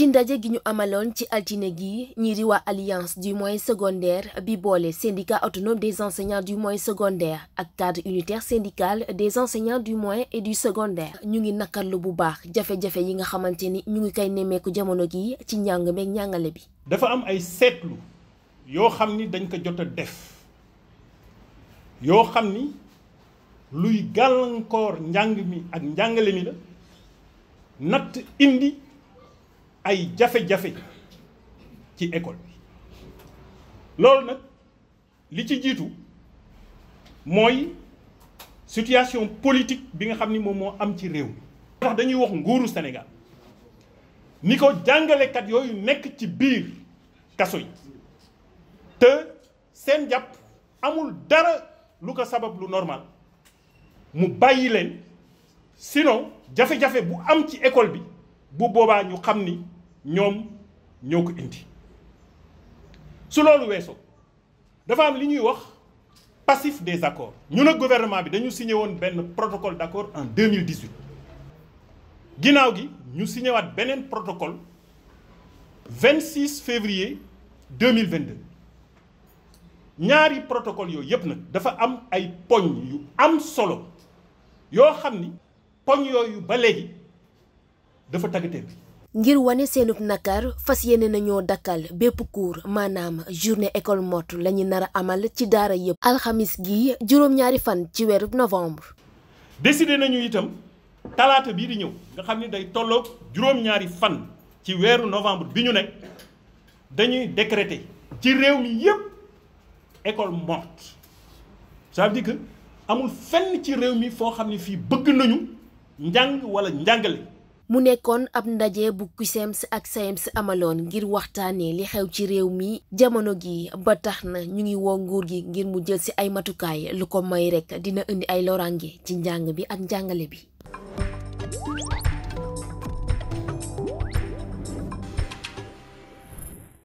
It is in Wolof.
ci ndaje gi ñu amaloon ci altine gi ñii di waa alliance du moyen secondaire bi boole syndicat autonome des enseignants du moyen secondaire ak cadre unitaire syndical des enseignants du moyen et du secondaire ñu ngi nakarlu bu baax jafe-jafe yi nga xamante ni ñu ngi koy nemmeeku jamono gi ci njàng meeg njàngale bi. dafa am ay seetlu yoo xam ni dañ ko jot a def yoo xam ni luy gàllankoor njàng mi ak njàngale mi la natt indi ay jafe-jafe ci école bi loolu nag li ci jiitu mooy situation politique bi nga xam ni moom moo am ci réew mi dañuy wax nguuru senegal ni ko jàngalekat yooyu nekk ci biir kaso yi te seen jàpp amul dara lu ko sabab lu normal mu bàyyi leen sinon jafe-jafe bu am ci école bi bu boobaa ñu xam ni ñoom ñoo ko indi su loolu weesoo dafa am li ñuy wax passif des accords ñu ne gouvernement bi dañu signé woon benn protocole d'accord en 2018 ginnaaw gi ñu signé waat beneen protocole 26 février 2022 ñaari protocole yooyu yépp nag dafa am ay poñ yu am solo yoo xam ni poñ yooyu ba léegi dafa taggateer bi ngir wane seenub nakar fas yéene nañoo dakkal bépp cours maanaam journée école morte la ñu nar a amal ci daara yëpp. alxamis gi juróom-ñaari fan ci weerub novembre. décidé nañu itam talaata bii di ñëw nga xam ne day tolloog juróom fan ci weeru novembre bi ñu nekk dañuy décréter ci réew mi yëpp école morte ça veut amul fenn ci réew mi foo xam ne fii bëgg nañu njàng wala njàngale. mu nekkoon ab ndaje bu CUSEMS ak SAEMS amaloon ngir waxtaane li xew ci réew mi jamono gi ba tax na ñu ngi woo nguur gi ngir mu jël ay matukaay lu ko may rekk dina indi ay loraange ci njàng bi ak njàngale bi.